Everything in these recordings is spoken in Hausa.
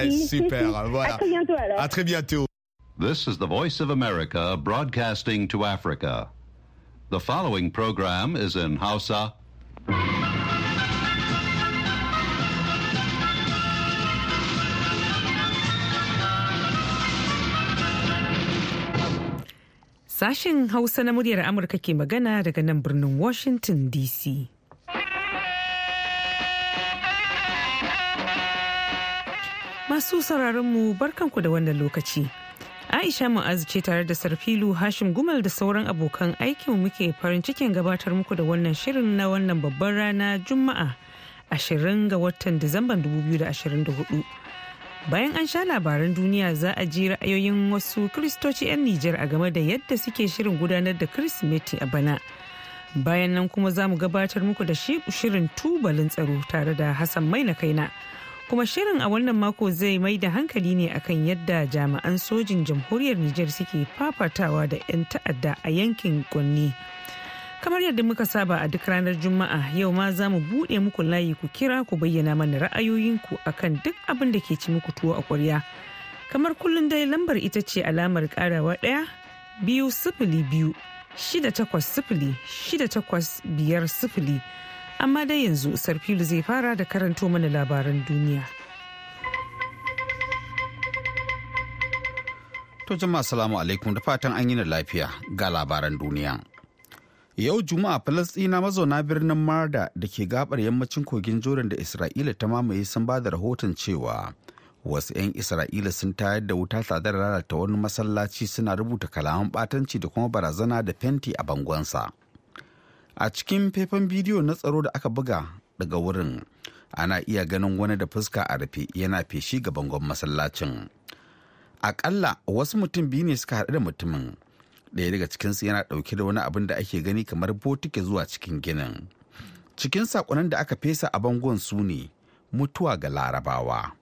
Ah, super, voilà. À très bientôt alors. À très bientôt. This is the Voice of America broadcasting to Africa. The following program is in Hausa. Sashen Hausa na muryar Amurka ke magana daga nan birnin Washington DC. Masu sauraronmu barkanku da wannan lokaci. Aisha ma'az ce tare da Sarfilu Hashim Gumal da sauran abokan aikin muke farin cikin gabatar muku da wannan shirin na wannan babban rana Juma'a 20 ga watan Disamban 2024. Bayan an sha labaran duniya za a ji ra'ayoyin wasu Kiristoci 'yan Nijar a game da yadda suke shirin gudanar da Kirsimeti a bana. Bayan nan kuma za mu gabatar muku da shirin tubalin tsaro tare da Hassan mai na kaina. kuma shirin a wannan mako zai mai da hankali ne akan yadda jami'an sojin jamhuriyar Nijar suke fafatawa da 'yan ta'adda a yankin gwanni. Kamar yadda muka saba a duk ranar Juma'a yau ma za mu buɗe muku layi ku kira ku bayyana mana ra'ayoyinku akan duk abin da ke ci muku tuwo a ƙwarya. Kamar kullum dai lambar ita ce alamar karawa ɗaya biyu sifili biyu shida takwas sifili shida takwas biyar sifili. amma dai yanzu sarfilu zai fara da karanto mana labaran duniya to jama'a salamu alaikum da fatan an yi na lafiya ga labaran duniya yau juma'a falastina mazauna birnin marda da ke gabar yammacin kogin jorin da isra'ila ta mamaye sun ba da rahoton cewa wasu 'yan isra'ila sun tayar da wuta tsadar lalata wani masallaci suna rubuta kalaman batanci da kuma barazana da fenti a bangonsa. a cikin faifan bidiyo na tsaro da aka buga daga wurin ana iya ganin wani da fuska a rufe yana feshi ga bangon masallacin akalla wasu mutum biyu ne suka haɗu da mutumin ɗaya daga cikinsu yana ɗauke da wani abin da ake gani kamar botike zuwa cikin ginin cikin saƙonan da aka fesa a bangon su ne mutuwa ga larabawa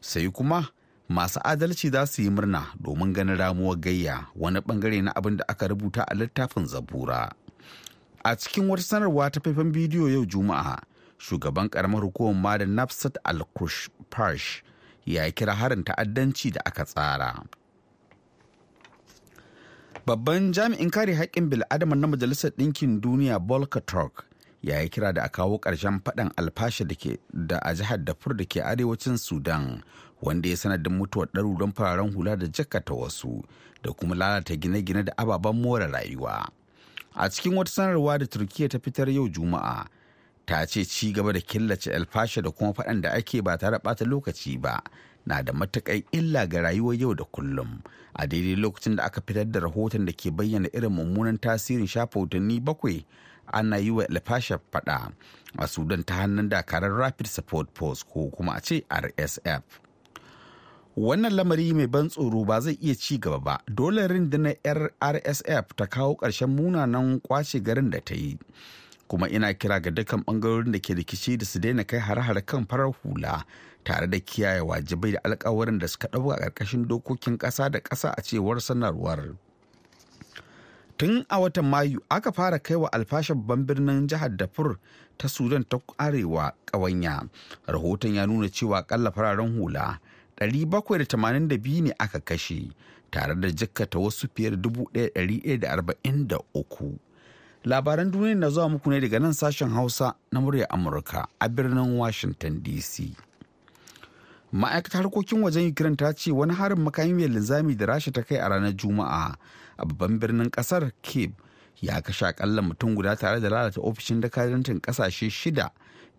sai kuma masu adalci za su yi murna domin ganin ramuwar gayya wani bangare na abin da aka rubuta a littafin zabura a cikin wata sanarwa ta faifan bidiyo yau juma'a shugaban karamar hukumar madan nafsat al kush ya kira harin ta'addanci da aka tsara babban jami'in kare haƙƙin bil'adama na majalisar ɗinkin duniya volker turk ya yi kira da a kawo ƙarshen faɗan alfashi da a jihar dafur da ke arewacin sudan wanda ya sanadin mutuwar ɗaruruwan fararen hula da jakata wasu da kuma lalata gine-gine da ababen more rayuwa. a cikin wata sanarwa da turkiya ta fitar yau juma'a ta ce ci gaba da killace alfasha da kuma faɗan da ake ba tare ɓata lokaci ba na da matakai illa ga rayuwar yau da kullum a daidai lokacin da aka fitar da rahoton da ke bayyana irin mummunan tasirin shafa watanni bakwai ana yi wa alfasha faɗa a sudan ta hannun dakarar rapid support force ko kuma a ce rsf wannan lamari mai ban tsoro ba zai iya ci gaba ba dole rundunar rsf ta kawo ƙarshen munanan kwace garin da ta yi kuma ina kira ga dukkan bangarorin da ke rikici da su daina kai har-har kan farar hula tare da kiyaye wajibai da alkawarin da suka ɗauka ƙarƙashin dokokin ƙasa da ƙasa a cewar sanarwar tun a watan mayu aka fara kai wa alfashin babban birnin jihar dafur ta sudan ta arewa ƙawanya rahoton ya nuna cewa ƙalla fararen hula 782 ne aka kashe tare da jikkata wasu fiye da 1143 labaran duniya na zuwa muku ne daga nan sashen hausa na murya amurka a birnin washington dc ma'aikatar harkokin wajen ukraine ta ce wani harin makami mai linzami da rasha ta kai a ranar juma'a a babban birnin kasar kiev ya kashe akalla mutum guda tare da lalata ofishin dakarantar kasashe shida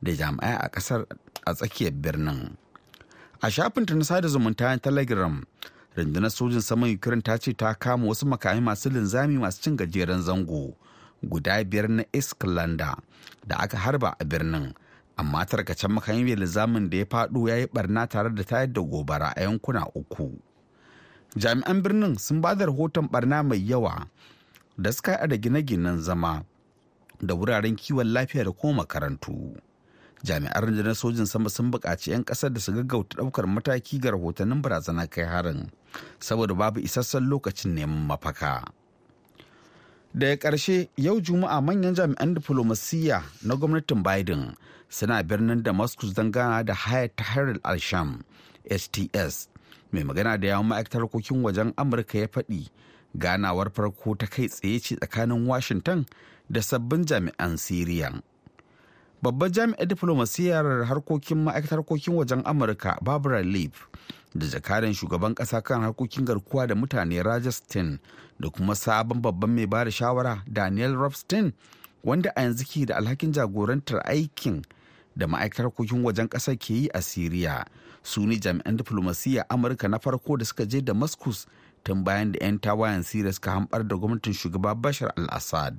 da jami'ai a kasar a tsakiyar birnin a shafinta na sada zumunta telegram rundunar sojin saman ukraine ta ce ta kama wasu makamai masu linzami masu cin gajeren zango guda biyar na iskalanda da aka harba a birnin amma tarkacen makamin mai linzamin da ya faɗo ya yi barna tare da tayar da gobara a yankuna uku jami'an birnin sun ba da rahoton barna mai yawa da suka da gine-ginen zama da wuraren kiwon lafiya da kuma makarantu jami'an rundunar sojin sama sun buƙaci 'yan ƙasar da su gaggauta ɗaukar mataki ga rahotannin barazana kai harin saboda babu isassan lokacin neman mafaka daga ƙarshe yau juma'a manyan jami'an diflomasiyya na gwamnatin biden suna birnin damascus don gana da hayar ta al-sham sts mai magana da yawon ma'aikatar harkokin wajen amurka ya faɗi ganawar farko ta kai tsaye ce tsakanin washington da sabbin jami'an siriya babban jami'ar diflomasiyyar harkokin ma'aikatar harkokin wajen amurka barbara leaf da jakadan shugaban kasa kan harkokin garkuwa da mutane rajastin da kuma sabon babban mai bada shawara daniel robstin wanda a yanzu ke da alhakin jagorantar aikin da ma'aikatar harkokin wajen kasa ke yi a siriya su ne jami'an diflomasiyya amurka na farko da suka je damascus tun bayan da 'yan tawayen siriya suka hambar da gwamnatin shugaba bashar al-assad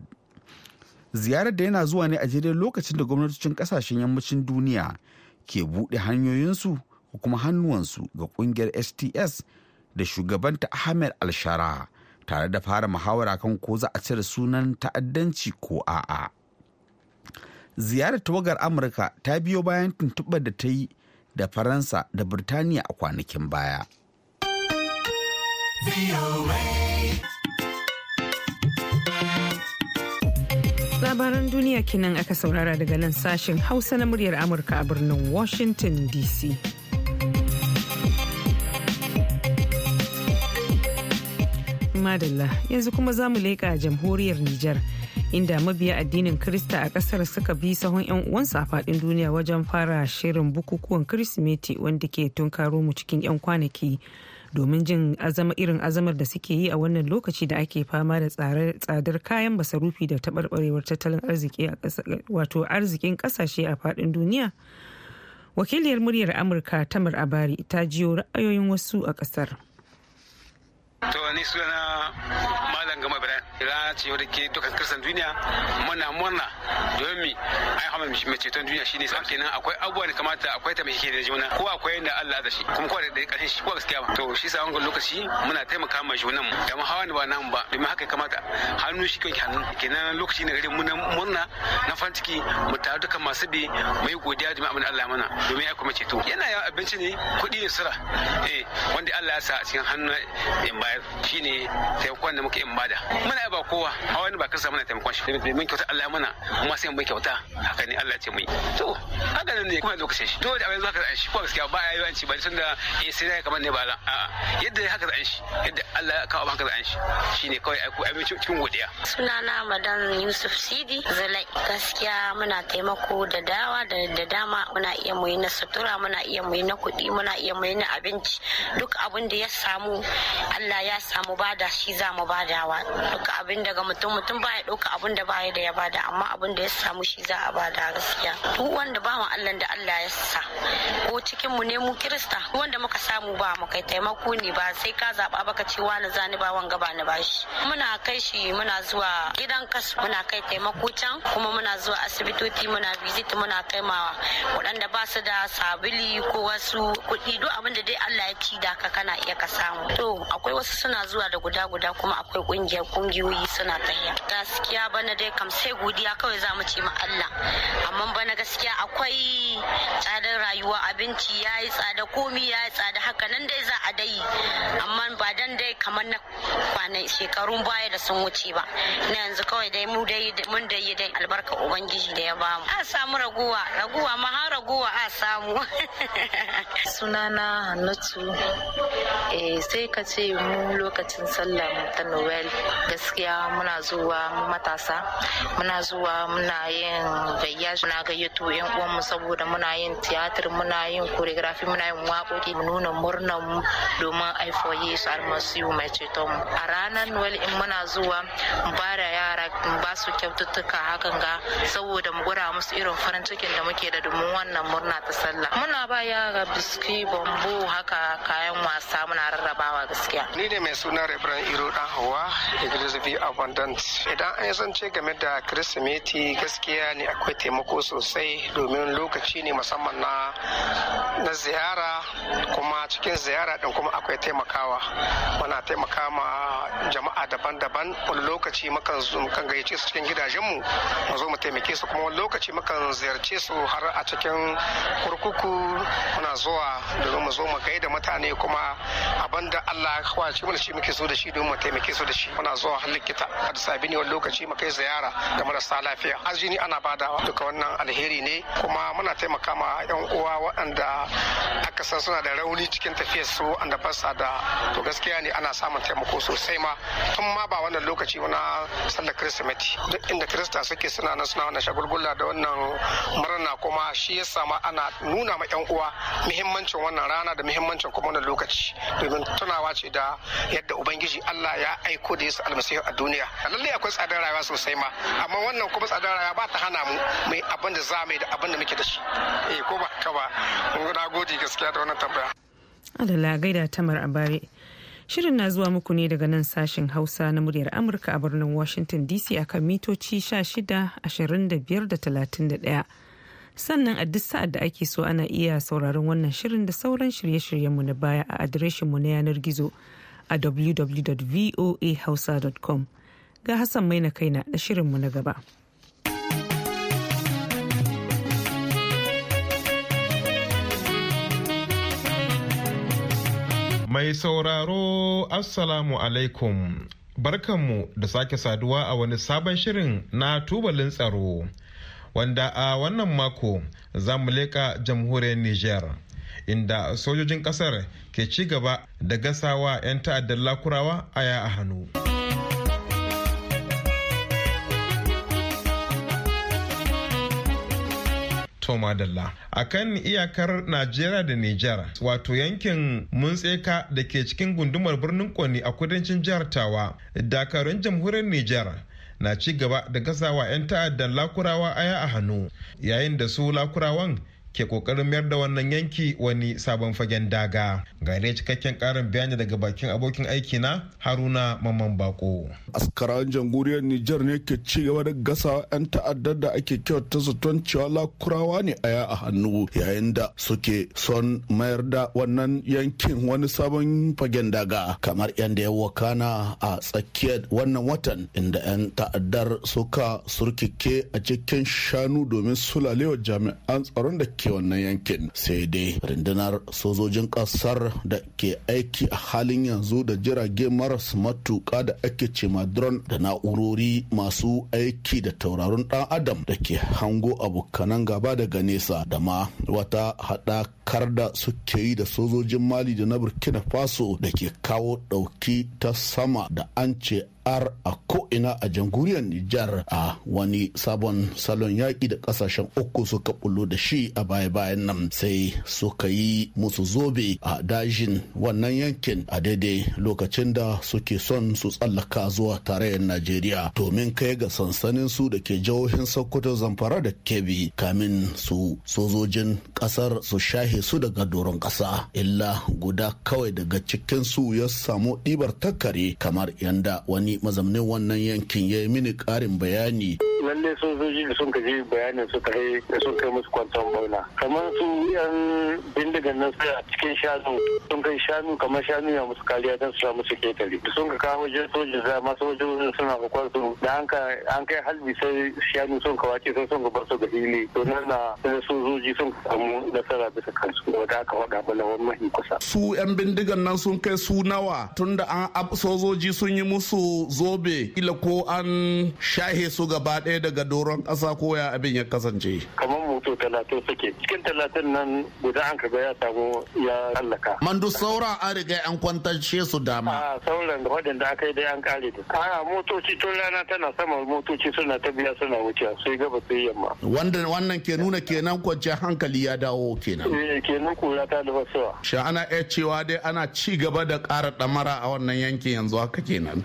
ziyarar da yana zuwa ne a daidai lokacin da gwamnatocin kasashen yammacin duniya ke buɗe hanyoyinsu ko kuma hannuwansu ga ƙungiyar sts da shugabanta ahmed alshara tare da fara muhawara kan ko za a cire sunan ta'addanci ko a'a ziyarar tawagar amurka ta biyo bayan tuntuɓar da ta yi da faransa da birtaniya a kwanakin baya. labaran duniya kenan aka saurara daga nan sashen hausa na muryar amurka a birnin washington dc madalla yanzu kuma za mu leƙa jamhuriyar nijar inda mabiya addinin Krista a kasar suka bi sahun 'yan uwansu a faɗin duniya wajen fara shirin bukukuwan Kirsimeti wanda ke tunkaro mu cikin 'yan kwanaki. domin jin azama irin azamar da suke yi a wannan lokaci da ake fama da tsadar kayan masarufi da taɓarɓarewar tattalin arziki wato arzikin ƙasashe a faɗin duniya wakiliyar muryar amurka tamar abari ta jiyo ra'ayoyin wasu a ƙasar. rana ce wadda ke dukkan kasan duniya muna murna domin mi ai hamar mai ceton duniya shine sa nan akwai abubuwa da kamata akwai ta mai da juna ko akwai yadda Allah da shi kuma ko da ƙarshen shi ko gaskiya ba to shi sa wannan lokaci muna taimaka ma juna mu da mu ne ba nan ba domin haka kamata hannu shi kanki hannu kenan lokaci ne gare mu na murna na farin ciki mu tare duka masu bi mu yi godiya da abin Allah mana domin ya kuma ceto yana yawa abinci ne kuɗi ne sura eh wanda Allah ya sa a cikin hannu in bayar shine taimakon da muke in bada muna wallahi ba kowa a wani ba kasa mana taimakon shi mun kyauta Allah mana kuma sai mun kyauta haka ne Allah ce mun to haka ne kuma lokacin shi to dole abin zaka shi ko gaskiya ba ya yi wanci ba tunda eh sai dai kamar ne ba a'a yadda ya haka zan shi yadda Allah ya kawo haka zan shi shine kawai ai ku abin cikin godiya sunana madan Yusuf Sidi Zalai gaskiya muna taimako da dawa da da dama muna iya mu yi na sutura muna iya mu yi na kuɗi muna iya mu yi na abinci duk abin da ya samu Allah ya samu bada shi za mu bada wa duk abin daga mutum mutum baya ɗauka abin da baya da ya bada amma abin da ya samu shi za a bada gaskiya duk wanda ba mu Allah da Allah ya sa ko cikin mu ne mu kirista duk wanda muka samu ba mu kai taimako ne ba sai ka zaba baka ce wani zani ba wanga ba ni bashi muna kai shi muna zuwa gidan kasu muna kai taimako can kuma muna zuwa asibitoci muna visit muna kai ma waɗanda ba su da sabili ko wasu kuɗi duk abin da dai Allah ya ci da ka kana iya ka samu to akwai wasu suna zuwa da guda guda kuma akwai ƙungiyar ƙungiyoyi miliyoyi suna tahiya gaskiya bana dai kam sai godiya kawai za mu ce ma Allah amma bana gaskiya akwai rayuwa abinci ya yi tsada komi ya yi tsada haka nan dai za a dai amma ba dan dai kamar na kwanan shekarun baya da sun wuce ba na yanzu kawai dai mu dai mun dai dai albarka ubangiji da ya bamu a samu raguwa raguwa ma har raguwa a samu sunana hannatu eh sai ka ce mu lokacin sallah ta noel gaskiya muna zuwa mu matasa muna zuwa muna yin bayyaji na gayyato yan uwanmu saboda muna yin tiyata tiyatir muna yin koreografi muna yin waƙoƙi mu nuna murnan mu domin aifo yesu almasihu mai ceto mu a ranar noel in muna zuwa mu ba yara mu ba su kyaututtuka hakan ga saboda mu gura musu irin farin cikin da muke da domin wannan murna ta sallah muna ba yara biski bambo haka kayan wasa muna rarrabawa gaskiya ni ne mai suna ibrahim iro dan hawa iglesia abundant idan an zance game da kirsimeti gaskiya ne akwai taimako sosai domin lokaci ne musamman na na ziyara kuma cikin ziyara din kuma akwai taimakawa muna taimaka ma jama'a daban-daban wani lokaci mukan gayyace su cikin gidajenmu mu zo mu taimake su kuma wani lokaci mukan ziyarce su har a cikin kurkuku muna zuwa domin mu zo mu gaida mutane kuma abinda Allah ya kwace mana shi muke so da shi domin mu taimake su da shi muna zuwa har likita da sabi ne wani lokaci mu kai ziyara ga marasa lafiya azini ana badawa duka wannan alheri ne kuma muna taimaka ma yan uwa waɗanda aka san suna da rauni cikin tafiyar su wanda ba da to gaskiya ne ana samun taimako sosai ma tun ma ba wannan lokaci na sallar kirsimeti duk inda kirista suke suna nan suna wannan shagulgula da wannan murna kuma shi ya sama ana nuna ma yan uwa muhimmancin wannan rana da muhimmancin kuma wannan lokaci domin tunawa ce da yadda ubangiji Allah ya aiko da Yesu almasihu a duniya lallai akwai tsadar rayuwa sosai ma amma wannan kuma tsadar rayuwa ba ta hana mu mai abin da za mu da abin da muke da shi eh ko ba haka ba na gode gaskiya da wannan tambaya gaida tamar abare Shirin na zuwa muku ne daga nan sashen Hausa na muryar Amurka a birnin Washington DC akan mitoci 16, 25 da 31. sannan a duk sa'ad da ake so ana iya sauraron wannan shirin da sauran shirye-shiryenmu na baya a adireshinmu na yanar gizo a www.voahausa.com ga hassan mai na kaina da shirinmu na gaba. Mai sauraro Assalamu alaikum. Barkanmu da sake saduwa a wani sabon shirin na tubalin tsaro. Wanda a wannan mako za mu leƙa jamhuriyar Nijar. Inda sojojin ƙasar ke ci gaba da gasawa 'yan ta'addar lakurawa aya a hannu. Toma Dalla. A kan iyakar Najeriya da Nijar, wato yankin Muntseka da ke cikin gundumar birnin Kwani a kudancin jihar Tawa, dakarun jamhuriyar Nijar na ci gaba da gasawa 'yan ta'addan lakurawa aya a hannu, yayin da su lakurawan ke kokarin mayar da wannan yanki wani sabon fagen daga gare cikakken karin bayani daga bakin abokin aiki na haruna mamman bako askaran jamhuriyar nijar ne ke ci gaba da gasa 'yan ta'addar da ake kyauta su cewa lakurawa ne aya a hannu yayin da suke son mayar da wannan yankin wani sabon fagen daga kamar 'yan da ya wakana a tsakiyar wannan watan inda 'yan ta'addar suka surkike a cikin shanu domin sulalewa jami'an tsaron da ke wannan yankin sai dai rundunar sojojin kasar da ke aiki a halin yanzu da jirage maras matuka da ake ce drone da na'urori masu aiki da tauraron dan adam da ke hango abokanan gaba daga nesa da ma wata haɗakar da suke yi da sojojin mali da na burkina faso da ke kawo ɗauki ta sama da an ce ar a ko'ina a jamhuriyar Nijar a wani sabon salon yaƙi da ƙasashen uku suka bullo da shi a baya-bayan nan sai suka yi musu zobe a dajin wannan yankin a daidai lokacin da suke son su tsallaka zuwa tarayyar Najeriya domin kai ga sansanin su da ke jihohin Sokoto Zamfara da Kebbi kamin su sojojin ƙasar su shahe su daga doron ƙasa illa guda kawai daga cikin su ya samu ɗibar takare kamar yanda wani wani mazaunin wannan yankin ya yi mini ƙarin bayani. lalle sojoji da sun kaji bayanin su kai da sun kai musu kwanton bauna kamar su yan bindigan nan sai a cikin shanu sun kai shanu kamar shanu ya musu kariya don su samu su ketare da sun ka kawo wajen sojin za masu wajen suna kwakwar su da an kai halbi sai shanu sun ka wace sai sun ka bar su ga hili to nan na sai sojoji sun ka samu nasara bisa kansu wanda aka faɗa bala wani mahi kusa. su yan bindigan nan sun kai su nawa tunda an sojoji sun yi musu zobe kila ko an shahe su gaba ɗaya daga doron ƙasa ko ya abin ya kasance kamar moto talatin suke cikin talatin nan guda an kaga ya tago ya hallaka Mandu saura an riga an kwantashe su dama a sauran wadanda aka yi dai an kare da a motoci tun rana tana sama motoci suna ta biya suna wuce su gaba sai yamma wanda wannan ke nuna kenan kwanciyar hankali ya dawo kenan eh kenan kura ta da fasuwa sha ana iya cewa dai ana ci gaba da ƙara ɗamara a wannan yankin yanzu haka kenan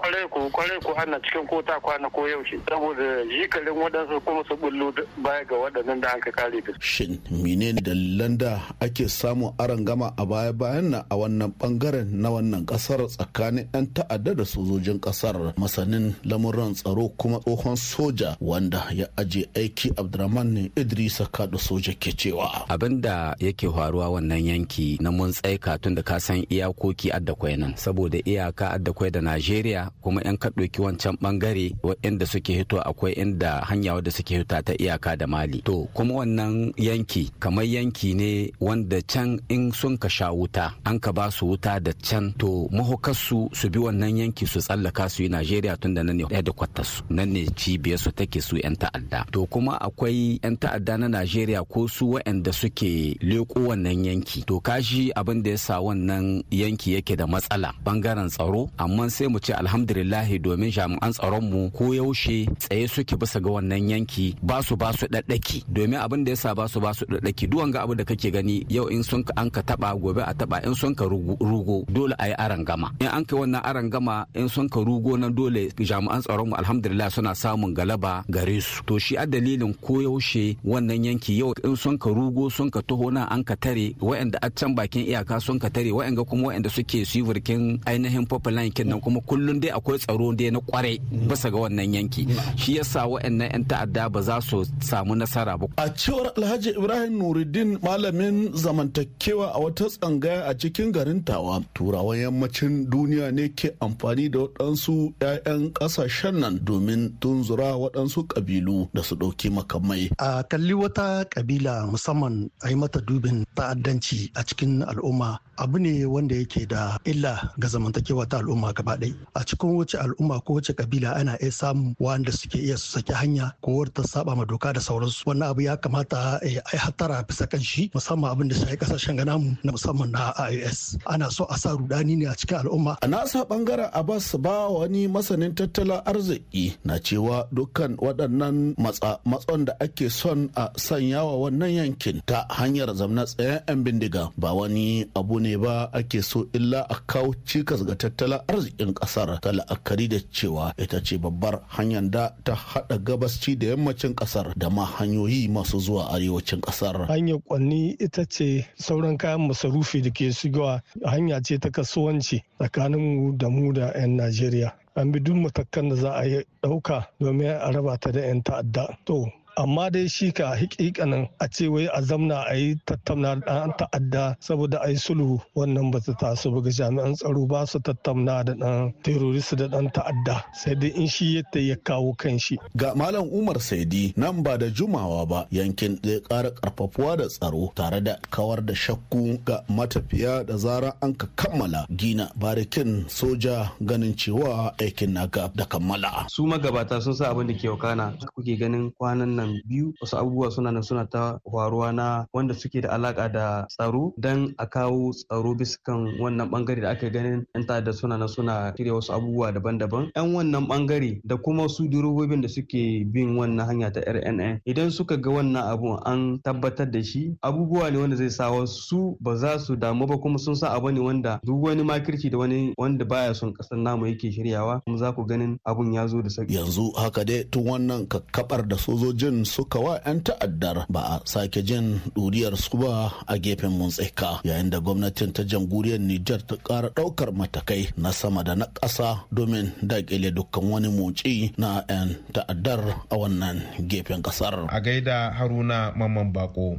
kwarai ku kwarai ku ana cikin kota kwana ko yaushe saboda jikalin waɗansu kuma su bullo baya ga waɗannan da aka kare da shin menene dalilan da ake samun aron gama a baya bayan na a wannan bangaren na wannan kasar tsakanin yan ta'adda da sojojin kasar masanin lamuran tsaro kuma tsohon soja wanda ya aje aiki abdurrahman ne idrisa kado soja ke cewa Abinda yake faruwa wannan yanki na mun tsaika tun da ka san iyakoki kwai nan saboda iyaka addakwai da najeriya kuma yan ka ɗauki wancan bangare inda suke hito akwai inda hanya wadda suke hita ta iyaka da mali to kuma wannan yanki kamar yanki ne wanda can in sun ka sha wuta an ka ba su wuta da can to mahukarsu su bi wannan yanki su tsallaka su yi najeriya tun da nan ne su nan ne cibiyar su take su yan ta'adda to kuma akwai yan ta'adda na najeriya ko su waɗanda suke leko wannan yanki to kashi abin da ya sa wannan yanki yake da matsala bangaren tsaro amma sai mu ce alhamdulillahi domin jami'an tsaronmu ko yaushe tsaye suke bisa ga wannan yanki ba su ba su daddaki domin abin da yasa ba su ba su daddaki duwan ga abu da kake gani yau in sun ka an ka taba gobe a taba in sun ka rugo dole a yi arangama in an kai wannan arangama in sun ka rugo nan dole jami'an tsaronmu alhamdulillah suna samun galaba gare su to shi a dalilin ko yaushe wannan yanki yau in sun ka rugo sun ka taho nan an ka tare wa'anda a can bakin iyaka sun ka tare wa'anda kuma wa'anda suke su yi ainihin pipeline kin nan kuma kullun dai akwai tsaro dai na kwarai bisa ga wannan yanki shi yasa waɗannan 'yan ta'adda ba za su samu nasara ba a cewar alhaji ibrahim nuruddin malamin zamantakewa a wata tsangaya a cikin garin tawa turawan yammacin duniya ne ke amfani da waɗansu 'ya'yan ƙasashen nan domin tunzura waɗansu ƙabilu da su ɗauki makamai a kalli wata ƙabila musamman a yi mata dubin ta'addanci a cikin al'umma abu ne wanda yake da illa ga zamantakewa ta al'umma gaba ɗaya a cikin wace al'umma ko wace kabila ana iya samun wanda suke iya su saki hanya ko ta saba ma doka da sauransu wannan abu ya kamata eh, a yi hatara bisa kan shi musamman abin da shi kasashen gana mu na musamman na IOS ana so a sa rudani ne a cikin al'umma a nasa bangaren Abbas ba wani masanin tattalin arziki na cewa dukkan waɗannan matsa matson da ake son a sanyawa wannan yankin ta hanyar zamna tsayen 'yan bindiga ba wani abu ne ne ba ake so illa a kawo cikas ga tattalin arzikin kasar ta la'akari da cewa ita ce babbar hanyar da ta hada gabasci da yammacin kasar da ma hanyoyi masu zuwa arewacin kasar hanyar kwanni ita ce sauran kayan masarufi da ke shigowa hanya ce ta kasuwanci tsakanin mu da mu da 'yan najeriya an bi duk matakan da za a yi ɗauka domin a raba ta da 'yan ta'adda to amma dai shi ka hikikanin a ce wai a zamna a yi tattauna da ɗan ta'adda saboda a yi sulhu wannan ba ta taso ba ga jami'an tsaro ba su tattauna da ɗan terrorist da ɗan ta'adda sai dai in shi yadda ya kawo kan shi. ga malam umar saidi nan ba da jumawa ba yankin zai ƙara ƙarfafuwa da tsaro tare da kawar da shakku ga matafiya da zarar an ka kammala gina barikin soja ganin cewa aikin naka da kammala. su magabata sun sa abin da ke wakana kuke ganin kwanan nan biyu wasu abubuwa suna nan suna ta faruwa na wanda suke da alaka da tsaro dan a kawo tsaro biskan kan wannan bangare da aka ganin yan ta'adda suna nan suna shirya wasu abubuwa daban-daban yan wannan bangare da kuma su durobobin da suke bin wannan hanya ta RNN idan suka ga wannan abu an tabbatar da shi abubuwa ne wanda zai sa wasu ba za su damu ba kuma sun sa abu ne wanda duk wani makirci da wani wanda baya son kasar namu yake shiryawa kuma za ku ganin abun ya zo da sauki yanzu haka dai tun wannan kakkabar da sojojin jin suka wa 'yan ta'addar ba a sake jin ɗuriyar su ba a gefen muntsika yayin da gwamnatin ta jamhuriyar Nijar ta ƙara ɗaukar matakai na sama da na ƙasa domin daƙile dukkan wani motsi na 'yan ta'addar a wannan gefen ƙasar. A gaida Haruna Mamman Bako.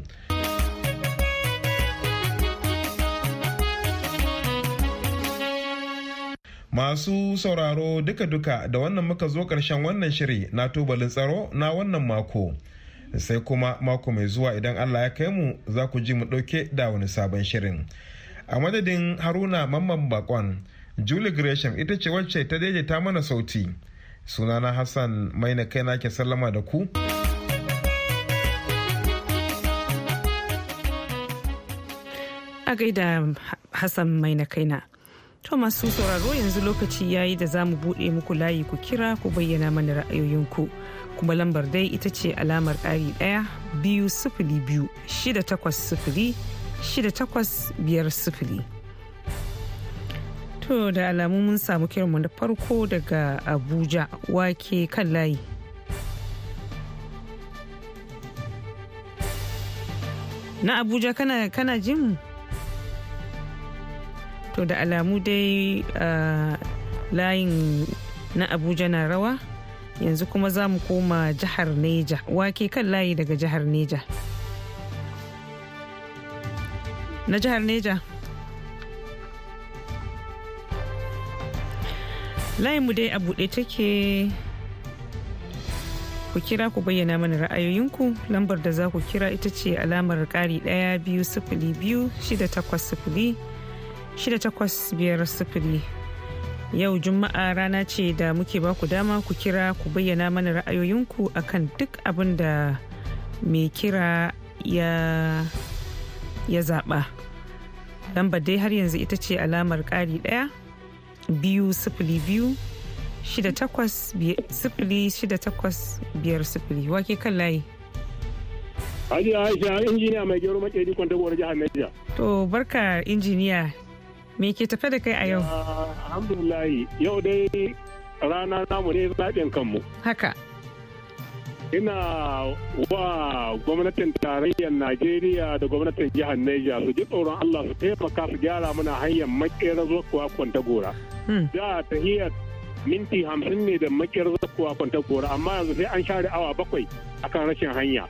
Masu sauraro duka-duka da wannan muka zo ƙarshen wannan shiri na tubalin tsaro na wannan mako. Sai kuma mako mai zuwa idan Allah ya kai mu za ku ji mu ɗauke da wani sabon shirin. A madadin Haruna Mamman Bakon, Julie Gresham ita ce wacce ta daidaita mana sauti. Sunana Hassan mai na ke sallama da ku. A gaida Hassan mai kaina. To masu sauraro yanzu lokaci ya yi da za mu buɗe muku layi ku kira ku bayyana mana ra'ayoyinku. Kuma lambar dai ita ce alamar ƙari ɗaya biyu sifili biyu shida takwas sifili shida takwas biyar sifili. To da alamu mun samu kiranmu na farko daga Abuja wake kan layi. Na Abuja kana, kana jin to da alamu dai layin na abuja na rawa yanzu kuma za mu koma jihar neja wake kan layi daga jihar neja na jihar neja layinmu dai a buɗe take ku kira ku bayyana mana ra'ayoyinku lambar da za ku kira ita ce alamar ƙari ɗaya biyu sifili biyu shida takwas sifili sifili yau juma'a rana ce da muke ba ku dama ku kira ku bayyana mana ra'ayoyinku akan duk abin da mai kira ya ya zaɓa lamba dai har yanzu ita ce alamar ƙari ɗaya biyu sifili biyu shida takwas sifili shida takwas biyar sifili wake kan layi Hajiya Aisha injiniya mai gero makeri kwanta jihar Niger. To barka injiniya Me ke tafe da kai a yau? Alhamdulillah yau dai rana namu ne zaɓen kanmu. Haka. Ina wa gwamnatin tarayyar Najeriya da gwamnatin jihar Niger su ji tsoron Allah su taimaka su gyara mana hanyar makera zuwa kwanta gora. Hmm. Da ta hiyar minti hamsin ne da zuwa kuwa kwanta gora amma yanzu sai an share awa bakwai akan rashin hanya.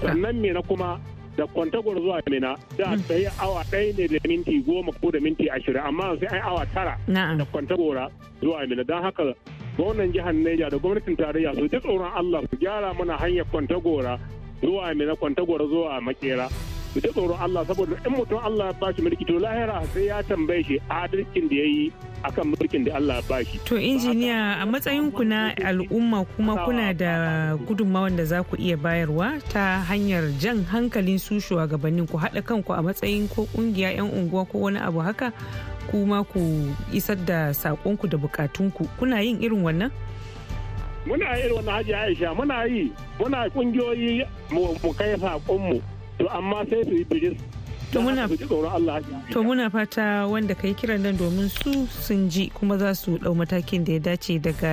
Sannan me na kuma da kwantagwar zuwa mina da ta hmm. yi awa ɗaya ne da minti goma ko da minti ashirin amma sai an awa tara da kwantagwara zuwa mina don haka gwamnan jihar Neja da gwamnatin tarayya su ji tsoron Allah su gyara mana hanyar kwantagora zuwa mina kwantagora zuwa makera su ta tsoron Allah saboda in mutum Allah ya bashi mulki to lahira sai ya tambaye shi adalcin da ya yi akan mulkin da Allah ya bashi. To injiniya a matsayin ku na al'umma kuma kuna da gudummawan da za ku iya bayarwa ta hanyar jan hankalin su shugabannin ku haɗa kanku a matsayin ko kungiya 'yan unguwa ko wani abu haka kuma ku isar da saƙonku da buƙatunku kuna yin irin wannan? Muna irin wannan hajji Aisha muna yi muna kungiyoyi mu kai saƙonmu to amma sai su yi bilis to muna fata wanda ka yi kiran nan domin su sun ji kuma za su dau matakin da ya dace daga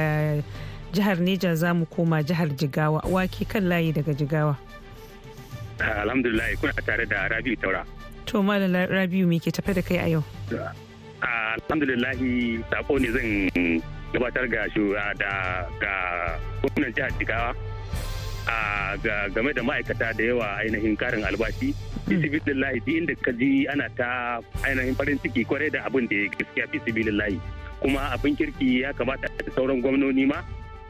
jihar neja za mu koma jihar jigawa wake kan layi daga jigawa alhamdulillah kuna tare da rabiu taura to malam rabiu me ke tafe da kai a yau alhamdulillah sako ne zan gabatar ga da ga gwamnan jihar jigawa game da ma'aikata da yawa ainihin karin albashi fisibilillahi duk inda ka ji ana ta ainihin farin ciki kwarai da abin da ya gaskiya fisibilillahi kuma abin kirki ya kamata da sauran gwamnoni ma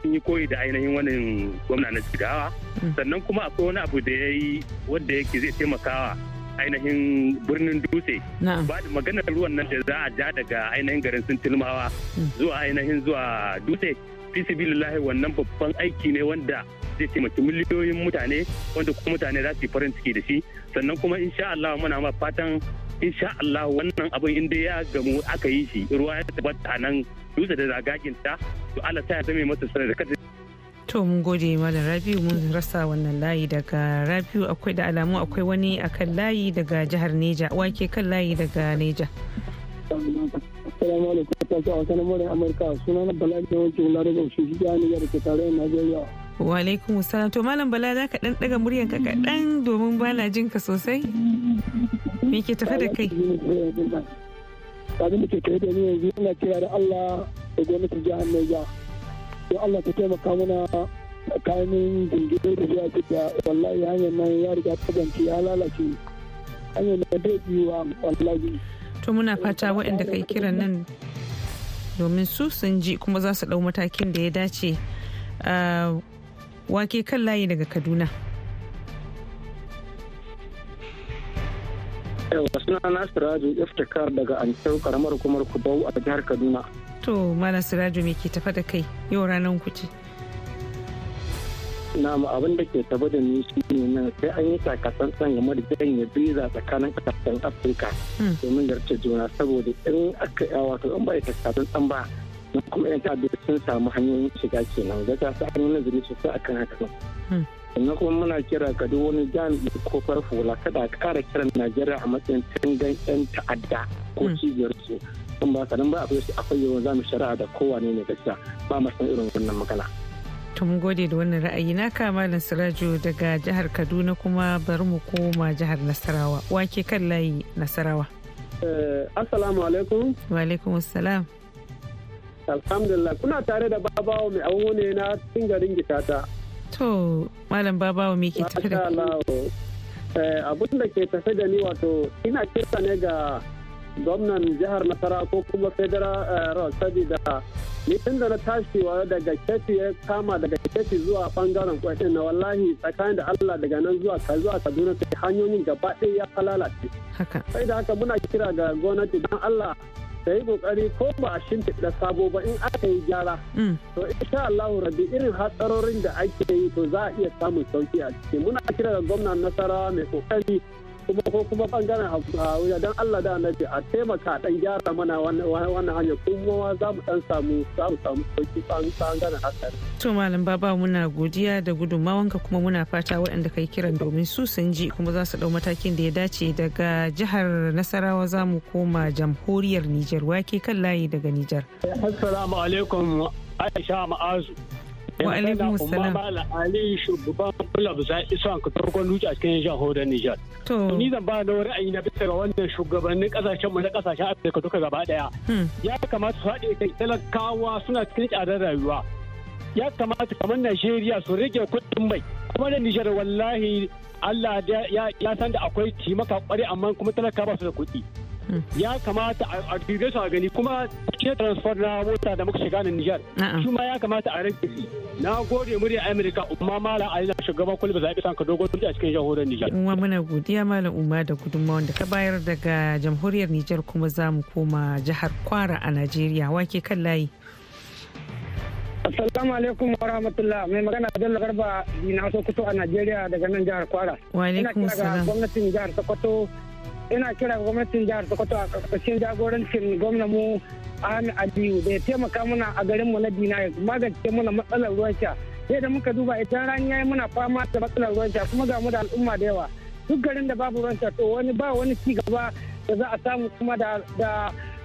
sun yi koyi da ainihin wannan gwamna na jigawa mm. sannan kuma akwai wani abu da ya yi wanda yake zai taimakawa ainihin birnin dutse ba da maganar ruwan nan da za a ja daga ainihin garin sun sintilmawa mm. zuwa ainihin zuwa dutse fisibilillahi wannan babban aiki ne wanda zai taimaki miliyoyin mutane wanda kuma mutane za su yi farin ciki da shi sannan kuma insha Allah muna ma fatan insha Allah wannan abin in dai ya gamu aka yi shi ruwa ya tabbata nan dutse da zagagin ta to Allah ta zame masa sanar da kada to mun gode malam Rabiu mun rasa wannan layi daga Rabiu akwai da alamu akwai wani akan layi daga jihar Neja wake kan layi daga Neja Assalamu alaikum ta sa wasu na Amurka na Bala da wanke wula daga shi shi ne ya da ke tarayyar Najeriya wa alaikum salam to malam bala za ka ɗan ɗaga muryan ka kaɗan domin na jin ka sosai me ke tafe da kai abin da ke kai da ni yanzu yana kira da Allah da gwamnatin jihar Niger ko Allah ta taimaka mana tsakanin jirgin da zuwa fita wallahi hanyar nan ya riga ta ya lalace hanyar nan da biyuwa wallahi to muna fata waɗanda kai kiran nan domin su sun ji kuma za su ɗau matakin da ya dace ah, wake kan layi daga kaduna yawa suna nasiraju iftikar daga anshau karamar kumar kubau a jihar kaduna to mala siraju me ke tafa da kai yau ranar kuce ce na'am abin da ke tafa da ni shi ne nan sai an yi takatsantsan game da ya biza tsakanin kasashen afirka hmm. domin yarce juna saboda in aka yawa to in ba ya ba kuma yan ta'adda sun samu hanyoyin shiga kenan gaskiya sai an su su a akan haka hmm. sannan kuma muna kira ga duk wani jami'i ko farfola kada a kara kiran najeriya a matsayin tangan yan ta'adda ko hmm. cibiyar su kuma ba sanin ba akwai akwai yawan zamu shari'a da kowane ne gaskiya ba mu san irin wannan magana tun mun gode da wannan ra'ayi na malam siraju daga jihar kaduna kuma bari mu koma jihar nasarawa wake kan layi nasarawa eh, assalamu alaikum wa alaikum assalam alhamdulillah kuna tare da babawo mai awo ne na cikin garin gitata to malam babawo mai ke tafi da eh, abin da ke tafi da ni wato ina kira ne ga gwamnan jihar nasara ko kuma federal eh, da ni tun da na tashi daga kefi ya kama daga kefi zuwa bangaren kwashin na wallahi tsakanin da allah daga nan zuwa ka zuwa kaduna sai hanyoyin gaba ɗaya ya lalace sai da haka muna kira ga gwamnati don allah ta yi kokari ko ba a shimfiɗa sabo ba in aka yi gyara mm. to insha Allah rabbi irin hatsarorin da ake yi to za a iya samun sauki a ciki muna kira da gwamnan nasara mai kokari kuma ko kuma bangaren wuya don Allah da annabi a taimaka dan gyara mana wannan hanya kuma za mu dan samu za mu samu sauki bangaren hakan. To malam baba muna godiya da gudunmawanka kuma muna fata waɗanda kai kiran domin su sun ji kuma za su ɗau matakin da ya dace daga jihar Nasarawa za mu koma jamhuriyar Nijar wake kan layi daga Nijar. Assalamu alaikum Aisha Ma'azu. wa alaikum salam ba la ali shugaban kulab za isa ka tarkon luci a cikin jihar Nijar to ni zan ba da ra'ayi na bisa ga wannan shugabannin kasashen mu na kasashen Afirka duka gaba daya hmm. ya kamata su haɗe kai talakawa suna cikin tsadar rayuwa ya kamata kamar Najeriya su rage kuɗin mai kuma da Nijar wallahi Allah ya san da akwai cimaka kware amma kuma talakawa ba su da kuɗi Hmm. ya kamata a dube su a gani kuma Ke transfer na mota da muka shiga na Nijar shi ma ya kamata a rage su. na gode murya Amerika umma mala alina za kulba zaɓi sanka dogon a cikin jamhuriyar Nijar umma muna godiya malam umma da gudunmawar da ka bayar daga jamhuriyar Nijar kuma za mu koma jihar Kwara a Najeriya wake kan layi Assalamu alaikum wa rahmatullah mai magana Bello Garba na kuto a Najeriya daga nan jihar Kwara. Wa alaikum salam. Ina kira ga gwamnatin jihar Sokoto ina kira gwamnatin jihar sokoto a ƙarƙashin jagorancin gwamnan mu ahmed Abiyu da ya taimaka mana a garin mu na dina ya magance mana matsalar ruwan sha sai da muka duba idan rani yi muna fama da matsalar ruwan sha kuma ga mu da al'umma da yawa duk garin da babu ruwan sha to wani ba wani ci gaba da za a samu kuma da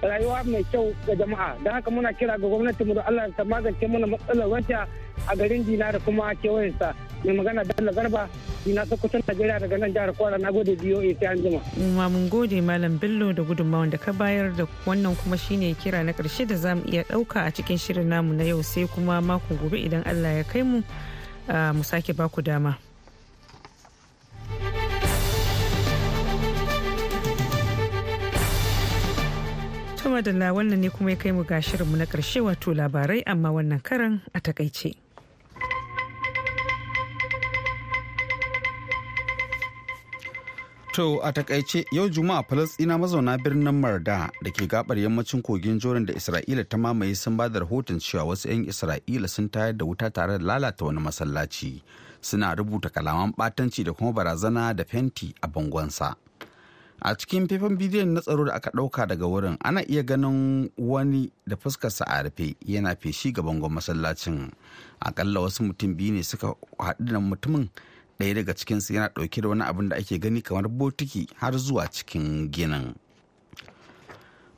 rayuwa mai kyau ga jama'a don haka muna kira ga gwamnatinmu mu da Allah ta magance mana matsalar wata a garin Dina da kuma kewayensa mai magana da Garba Dina ta kusan Najeriya daga nan jihar Kwara na gode BOA sai an jima. Ma mun gode Malam Bello da gudunmawar da ka bayar da wannan kuma shine kira na karshe da zamu iya ɗauka a cikin shirin namu na yau sai kuma makon gobe idan Allah ya kai mu ah, mu sake baku dama. kuma da wannan ne kuma ya kai mu ga shirinmu na karshe wato labarai amma wannan karan a takaice. To a takaice yau Juma'a Falasɗina mazauna birnin Marda da ke gabar yammacin kogin jorin da Isra'ila ta mamaye sun ba da rahoton cewa wasu 'yan Isra'ila sun tayar da wuta tare da lalata wani masallaci. Suna rubuta kalaman batanci da kuma barazana da fenti a bangonsa. a cikin faifan bidiyon na tsaro da aka ɗauka daga wurin ana iya ganin wani da fuskarsa a rufe yana feshi ga bangon masallacin akalla wasu mutum biyu ne suka haɗu da mutumin ɗaya daga cikinsu yana ɗauke da wani abin da ake gani kamar botiki har zuwa cikin ginin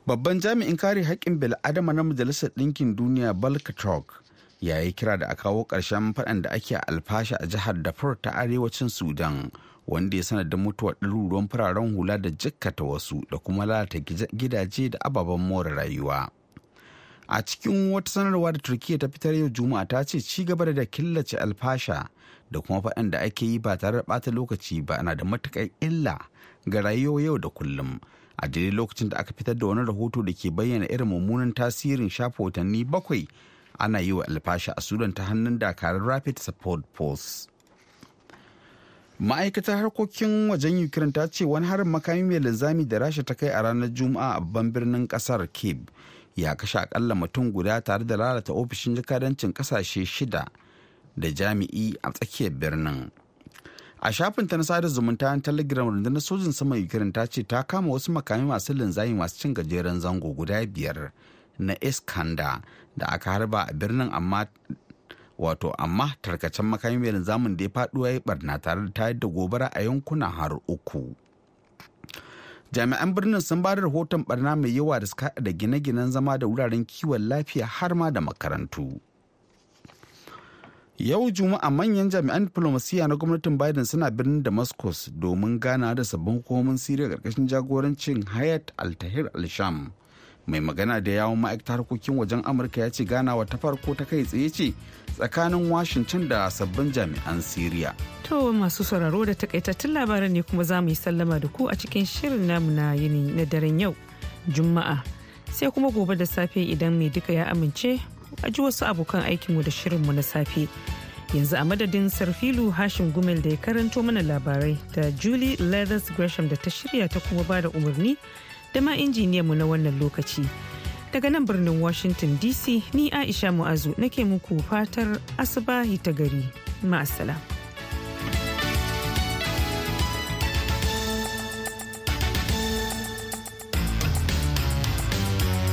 babban jami'in kare haƙƙin bil'adama na majalisar ɗinkin duniya balkatok ya yi kira da a kawo ƙarshen faɗan da ake alfasha a jihar dafur ta arewacin sudan wanda ya sanar da mutuwar ɗaruruwan fararen hula da jikkata wasu da kuma lalata gidaje da ababen more rayuwa a cikin wata sanarwa da turkiya ta fitar yau juma'a ta ce ci gaba da killace alfasha da kuma faɗan da ake yi ba tare da ɓata lokaci ba na da matuƙar illa ga rayuwa yau da kullum a daidai lokacin da aka fitar da wani rahoto da ke bayyana irin mummunan tasirin shafa watanni bakwai ana yi wa alfasha a sudan ta hannun dakarun rapid support force ma'aikatar harkokin wajen ukraine ta ce wani harin makami mai linzami da rasha ta kai a ranar juma'a a babban birnin kasar kiev ya kashe akalla mutum guda tare da lalata ofishin jakadancin kasashe shida da jami'i a tsakiyar birnin a shafin ta na sada zumunta na telegram rundunar sojin sama ukraine ta ce ta kama wasu makami masu linzami masu cin gajeren zango guda biyar na iskanda da aka harba a birnin amma wato amma tarkacen makamin mai zamun da ya faɗo ya yi barna tare da tayar da gobara a yankuna har uku jami'an birnin sun ba da rahoton barna mai yawa da suka da gine-ginen zama da wuraren kiwon lafiya har ma da makarantu yau juma'a manyan jami'an diplomasiya na gwamnatin biden suna birnin damascus domin gana da sabbin hukumomin siriya karkashin jagorancin hayat al tahir al sham mai magana da yawon ma'aikatar harkokin wajen amurka ya ce ganawa ta farko ta kai tsaye ce tsakanin washington da sabbin jami'an syria to masu sauraro da takaitattun labaran ne kuma za mu yi sallama da ku a cikin shirin namu na yini na daren yau juma'a sai kuma gobe da safe idan mai duka ya amince a ji wasu abokan aikinmu da shirinmu na safe yanzu a madadin sarfilu hashim gumel da ya karanto mana labarai da julie leathers gresham da ta shirya ta kuma ba da umarni da ma mu na wannan lokaci. Daga nan birnin Washington DC ni Aisha Mu'azu nake muku fatar asuba ta gari. Ma'asala.